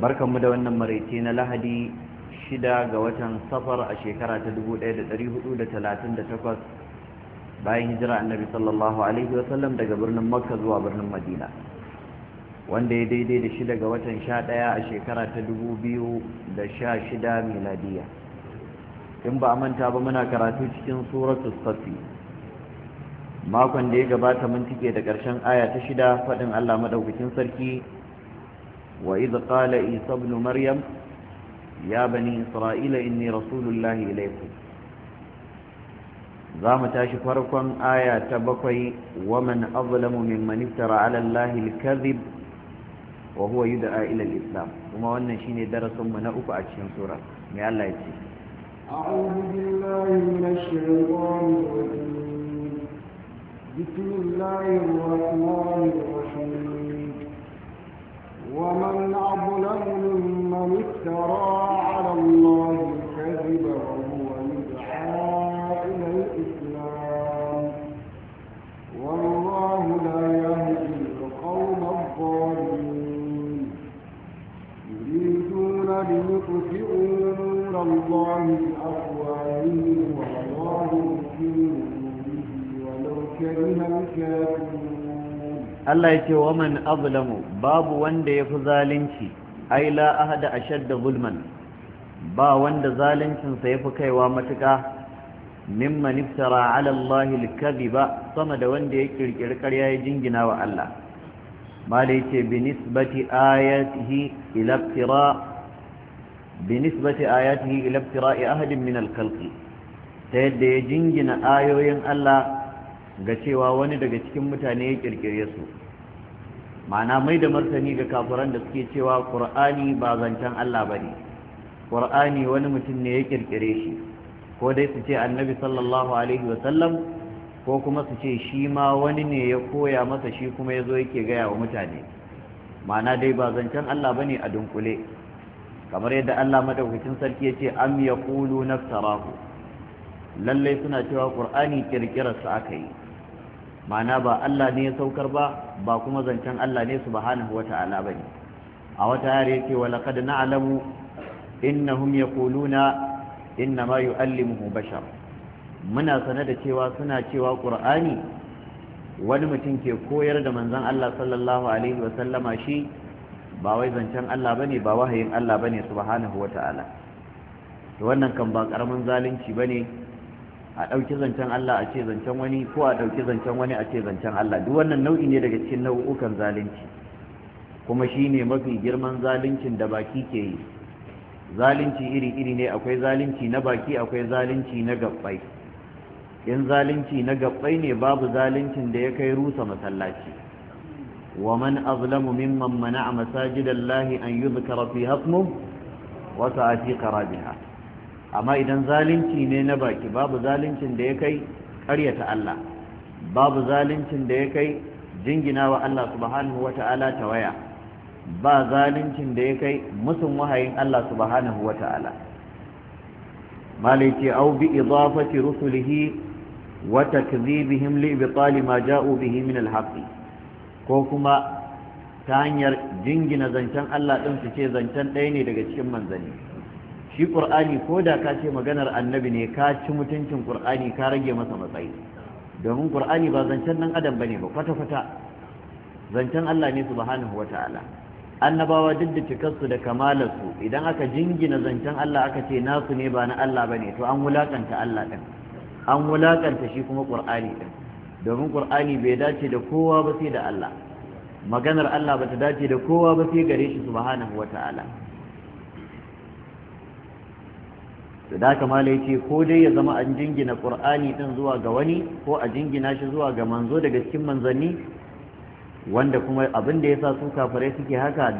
barkan mu da wannan maraice na lahadi shida ga watan safar a shekara ta 1438 bayan hijira annabi sallallahu alaihi wasallam daga birnin makka zuwa birnin madina wanda ya daidai da shida ga watan sha ɗaya a shekara ta 2016 miladiya in ba a manta ba muna karatu cikin suratul safi makon da ya gabata mun cike da ƙarshen aya ta shida faɗin allah maɗaukakin sarki وإذ قال عيسى ابن مريم يا بني إسرائيل إني رسول الله إليكم زام تاشفركم آية تبقي ومن أظلم ممن افترى على الله الكذب وهو يدعى إلى الإسلام وما وانا شيني درس من أكو أجشن سورة يا الله يتسي أعوذ بالله من الشيطان الرجيم بسم الله الرحمن Allah ya ce wa man azlamu babu wanda ya fi zalunci ai la ahada ashadda zulman ba wanda zaluncinsa sa yafi kaiwa matuƙa mimma niftara ala Allah ba, sama da wanda ya ƙirƙiri ƙarya ya jingina wa Allah mada yake binisbati ayatihi ilaftira a ahadin min alkalki ta yadda ya jingina ayoyin Allah ga cewa wani daga cikin mutane ya kirkire su Mana mai da martani ga kafiran da suke cewa ƙur'ani ba zancen Allah ba ne ƙur'ani wani mutum ne ya kirkire shi ko dai su ce annabi sallallahu alaihi wasallam ko kuma su ce shi ma wani ne ya koya masa shi kuma ya zo yake gaya wa mutane Mana dai ba zancen Allah bane a dunkule kamar yadda Allah madaukakin sarki ya ce am ya kulu naftarahu lallai suna cewa ƙur'ani ƙirƙirarsa aka yi Mana ba Allah ne ya saukar ba ba kuma zancen Allah ne subhanahu wa ta'ala bane a wata yare yace wa laqad na'lamu innahum yaquluna ma yu'allimuhu bashar muna sane da cewa suna cewa ƙur'ani wani mutum ke koyar da manzan Allah sallallahu alaihi wasallama shi ba wai zancen Allah ba ne ba wahayin Allah ne subhanahu wata'ala to wannan kan ba ƙaramin zalunci ba ne? a ɗauki zancen Allah a ce zancen wani ko a ɗauki zancen wani a ce zancen Allah duk wannan nau'i ne daga cikin nau'ukan zalunci kuma shi ne mafi girman zaluncin da baki ke yi zalunci iri-iri ne akwai zalunci na baki akwai zalunci na gabbai in zalunci na gabbai ne babu zaluncin da ya kai rusa masallaci wa man azlamu mimman mana'a masajidallahi an yuzkara fi hasmu wa sa'ati qarabiha amma idan zalunci ne na baki babu zaluncin da ya kai ƙaryata Allah babu zaluncin da ya kai jingina wa Allah subhanahu wata'ala waya. ba zaluncin da ya kai musun wahayin Allah subhanahu wata'ala ta'ala malai ce au bi idafati rusulihi وتكذيبهم لإبطال ما جاءوا به من الحق jingina zancen allah ɗin الله ce zancen ɗaya ne daga cikin زني shi ƙur'ani ko da ka ce maganar annabi ne ka ci mutuncin ƙur'ani ka rage masa matsayi domin ƙur'ani ba zancen ɗan adam ne ba kwata-kwata zancen Allah ne subhanahu wa ta'ala annabawa duk da cikarsu da kamalarsu idan aka jingina zancen Allah aka ce nasu ne ba na Allah bane to an wulakanta Allah ɗin an wulakanta shi kuma qur'ani ɗin, domin qur'ani bai dace da kowa ba sai da Allah maganar Allah bata dace da kowa ba sai gare shi subhanahu wata'ala da kamala ce ko dai ya zama an jingina ƙur'ani ɗin zuwa ga wani ko a jingina shi zuwa ga manzo daga cikin manzanni wanda kuma abin da yasa su kafirai suke haka